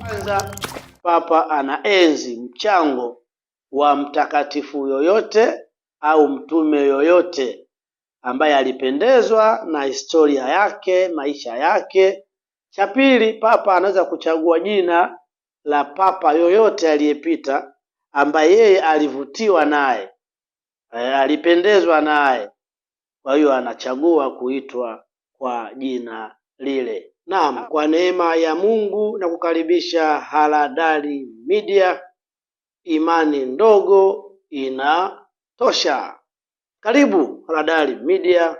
Kwanza, Papa anaenzi mchango wa mtakatifu yoyote au mtume yoyote ambaye alipendezwa na historia yake, maisha yake. Cha pili, Papa anaweza kuchagua jina la papa yoyote aliyepita ambaye yeye alivutiwa naye, e, alipendezwa naye, kwa hiyo anachagua kuitwa kwa jina lile. Naam, kwa neema ya Mungu na kukaribisha Haradali Media, imani ndogo inatosha. Karibu Haradali Media,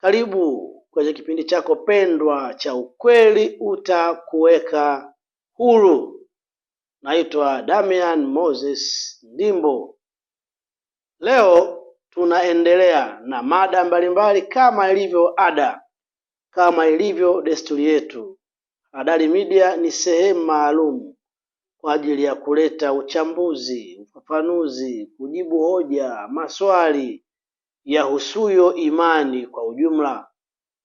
karibu kwenye kipindi chako pendwa cha ukweli utakuweka huru. Naitwa Damian Moses Ndimbo. Leo Tunaendelea na mada mbalimbali kama ilivyo ada, kama ilivyo desturi yetu. Haradali Media ni sehemu maalum kwa ajili ya kuleta uchambuzi, ufafanuzi, kujibu hoja, maswali yahusuyo imani kwa ujumla,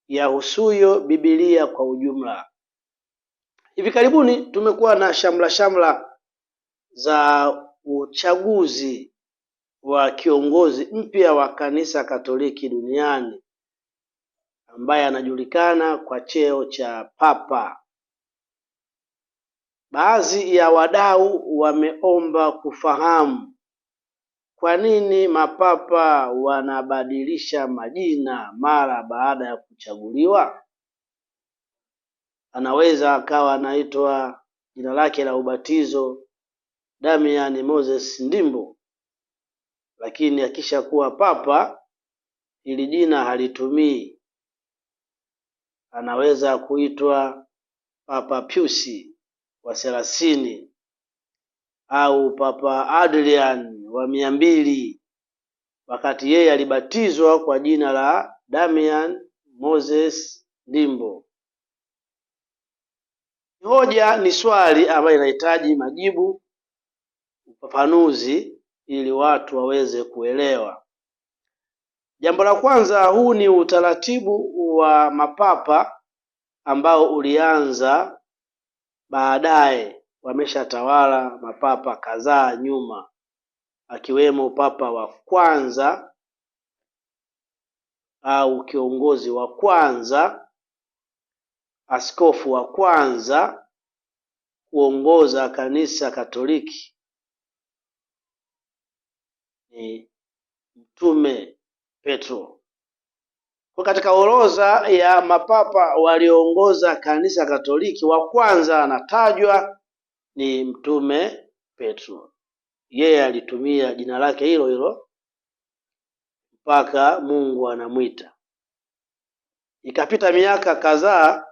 yahusuyo Biblia kwa ujumla. Hivi karibuni tumekuwa na shamla shamla za uchaguzi wa kiongozi mpya wa kanisa Katoliki duniani ambaye anajulikana kwa cheo cha papa. Baadhi ya wadau wameomba kufahamu kwa nini mapapa wanabadilisha majina mara baada ya kuchaguliwa. Anaweza akawa anaitwa jina lake la ubatizo Damian Moses Ndimbo lakini akishakuwa papa hili jina halitumii, anaweza kuitwa Papa Piusi wa thelathini au Papa Adrian wa mia mbili wakati yeye alibatizwa kwa jina la Damian Moses Ndimbo. Hoja ni swali ambayo inahitaji majibu, ufafanuzi ili watu waweze kuelewa. Jambo la kwanza, huu ni utaratibu wa mapapa ambao ulianza baadaye, wameshatawala mapapa kadhaa nyuma, akiwemo papa wa kwanza au kiongozi wa kwanza, askofu wa kwanza kuongoza kanisa Katoliki ni Mtume Petro. Kwa katika orodha ya mapapa walioongoza kanisa Katoliki, wa kwanza anatajwa ni Mtume Petro. Yeye alitumia jina lake hilo hilo mpaka Mungu anamwita. Ikapita miaka kadhaa,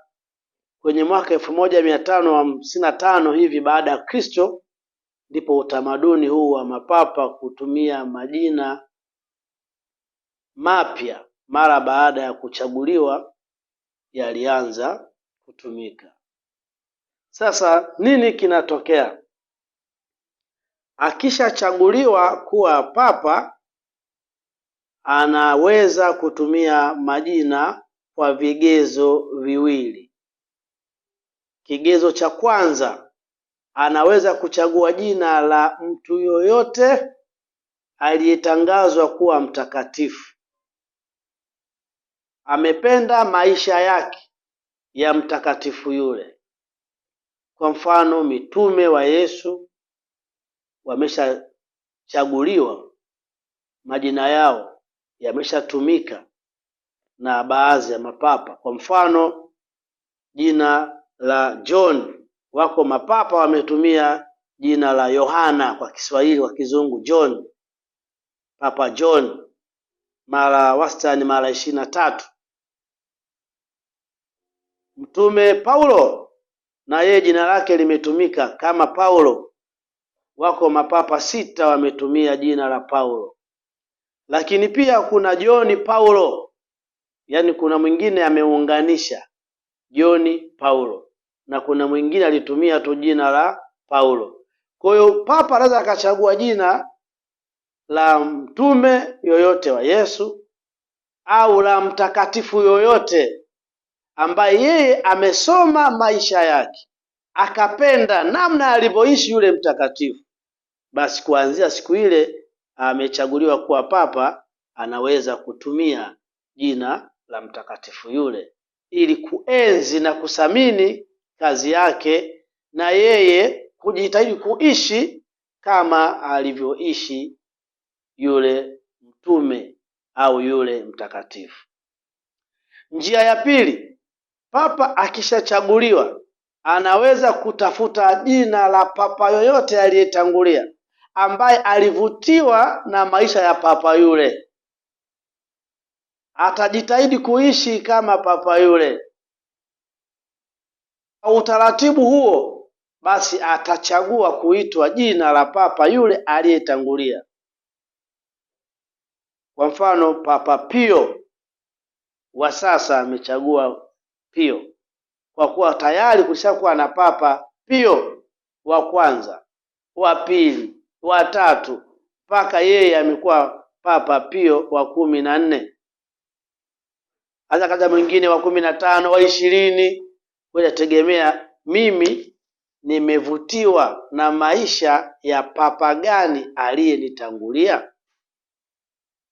kwenye mwaka elfu moja mia tano hamsini na tano hivi baada ya Kristo ndipo utamaduni huu wa mapapa kutumia majina mapya mara baada ya kuchaguliwa yalianza kutumika. Sasa nini kinatokea? Akishachaguliwa kuwa papa, anaweza kutumia majina kwa vigezo viwili. Kigezo cha kwanza anaweza kuchagua jina la mtu yoyote aliyetangazwa kuwa mtakatifu. Amependa maisha yake ya mtakatifu yule. Kwa mfano, mitume wa Yesu wameshachaguliwa, majina yao yameshatumika na baadhi ya mapapa. Kwa mfano, jina la John Wako mapapa wametumia jina la Yohana kwa Kiswahili, kwa Kizungu John, Papa John mara wastani mara ishirini na tatu. Mtume Paulo na yeye jina lake limetumika kama Paulo, wako mapapa sita wametumia jina la Paulo. Lakini pia kuna John Paulo, yaani kuna mwingine ameunganisha John Paulo na kuna mwingine alitumia tu jina la Paulo. Kwa hiyo papa anaweza akachagua jina la mtume yoyote wa Yesu au la mtakatifu yoyote ambaye yeye amesoma maisha yake akapenda namna alivyoishi yule mtakatifu, basi kuanzia siku ile amechaguliwa kuwa papa, anaweza kutumia jina la mtakatifu yule ili kuenzi na kuthamini kazi yake na yeye kujitahidi kuishi kama alivyoishi yule mtume au yule mtakatifu. Njia ya pili, papa akishachaguliwa anaweza kutafuta jina la papa yoyote aliyetangulia ambaye alivutiwa na maisha ya papa yule, atajitahidi kuishi kama papa yule. Kwa utaratibu huo basi atachagua kuitwa jina la papa yule aliyetangulia. Kwa mfano, Papa Pio wa sasa amechagua Pio kwa kuwa tayari kushakuwa na Papa Pio wa kwanza, wa pili, wa tatu mpaka yeye amekuwa Papa Pio wa kumi na nne, hata kaja mwingine wa kumi na tano, wa ishirini wewe mimi nimevutiwa na maisha ya papa gani aliyenitangulia?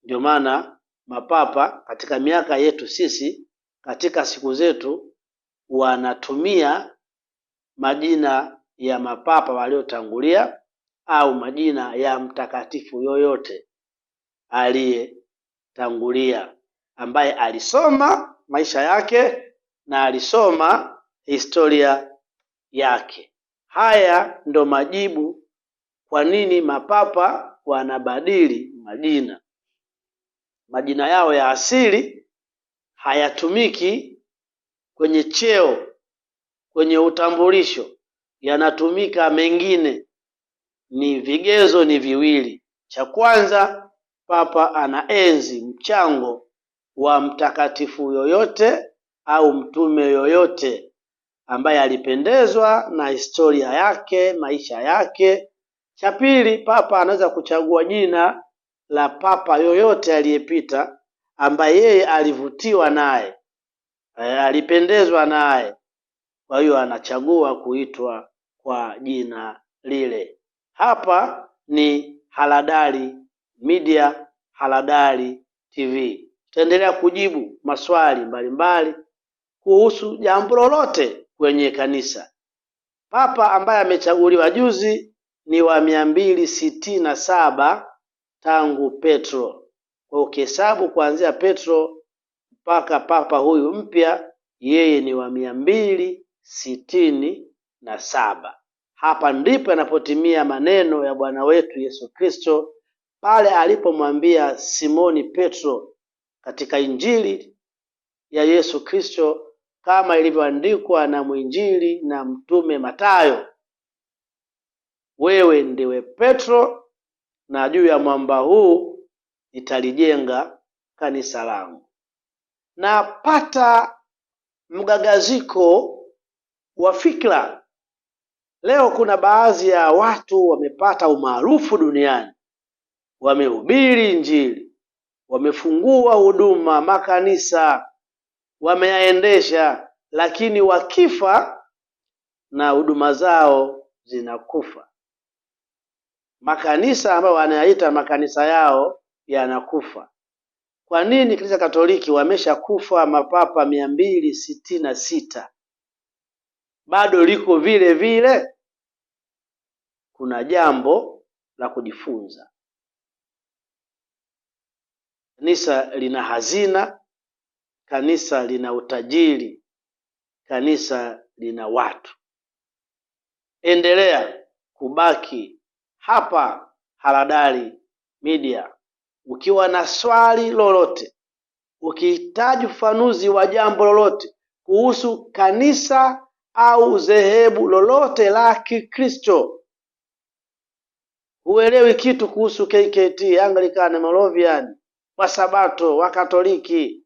Ndio maana mapapa katika miaka yetu sisi, katika siku zetu, wanatumia majina ya mapapa waliotangulia au majina ya mtakatifu yoyote aliyetangulia ambaye alisoma maisha yake na alisoma historia yake. Haya ndo majibu kwa nini mapapa wanabadili majina. Majina yao ya asili hayatumiki kwenye cheo, kwenye utambulisho, yanatumika mengine. Ni vigezo ni viwili. Cha kwanza, papa anaenzi mchango wa mtakatifu yoyote au mtume yoyote ambaye alipendezwa na historia yake, maisha yake. Cha pili, papa anaweza kuchagua jina la papa yoyote aliyepita ambaye yeye alivutiwa naye, e, alipendezwa naye, kwa hiyo anachagua kuitwa kwa jina lile. Hapa ni Haradali Media, Haradali TV. Tutaendelea kujibu maswali mbalimbali mbali kuhusu jambo lolote kwenye kanisa. Papa ambaye amechaguliwa juzi ni wa mia mbili sitini na saba tangu Petro. Kwa ukihesabu kuanzia Petro mpaka papa huyu mpya, yeye ni wa mia mbili sitini na saba. Hapa ndipo yanapotimia maneno ya Bwana wetu Yesu Kristo pale alipomwambia Simoni Petro katika Injili ya Yesu Kristo kama ilivyoandikwa na mwinjili na mtume Mathayo, wewe ndiwe Petro na juu ya mwamba huu nitalijenga kanisa langu. Napata mgagaziko wa fikra. Leo kuna baadhi ya watu wamepata umaarufu duniani, wamehubiri Injili, wamefungua huduma makanisa wameyaendesha, lakini wakifa na huduma zao zinakufa. Makanisa ambayo wanayaita makanisa yao yanakufa. Kwa nini? Kanisa Katoliki wameshakufa mapapa mia mbili sitini na sita, bado liko vile vile. Kuna jambo la kujifunza. Kanisa lina hazina Kanisa lina utajiri, kanisa lina watu. Endelea kubaki hapa Haradali Media. Ukiwa na swali lolote, ukihitaji ufafanuzi wa jambo lolote kuhusu kanisa au dhehebu lolote la Kikristo, huelewi kitu kuhusu KKT, Anglikana, Moravian, Wasabato, Wakatoliki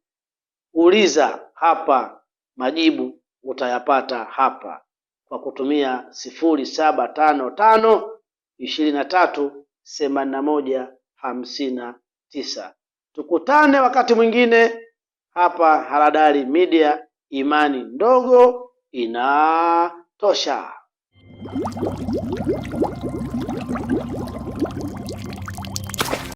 uliza hapa, majibu utayapata hapa kwa kutumia sifuri saba tano tano ishirini na tatu themanini na moja hamsini na tisa. Tukutane wakati mwingine hapa Haradali Media, imani ndogo inatosha.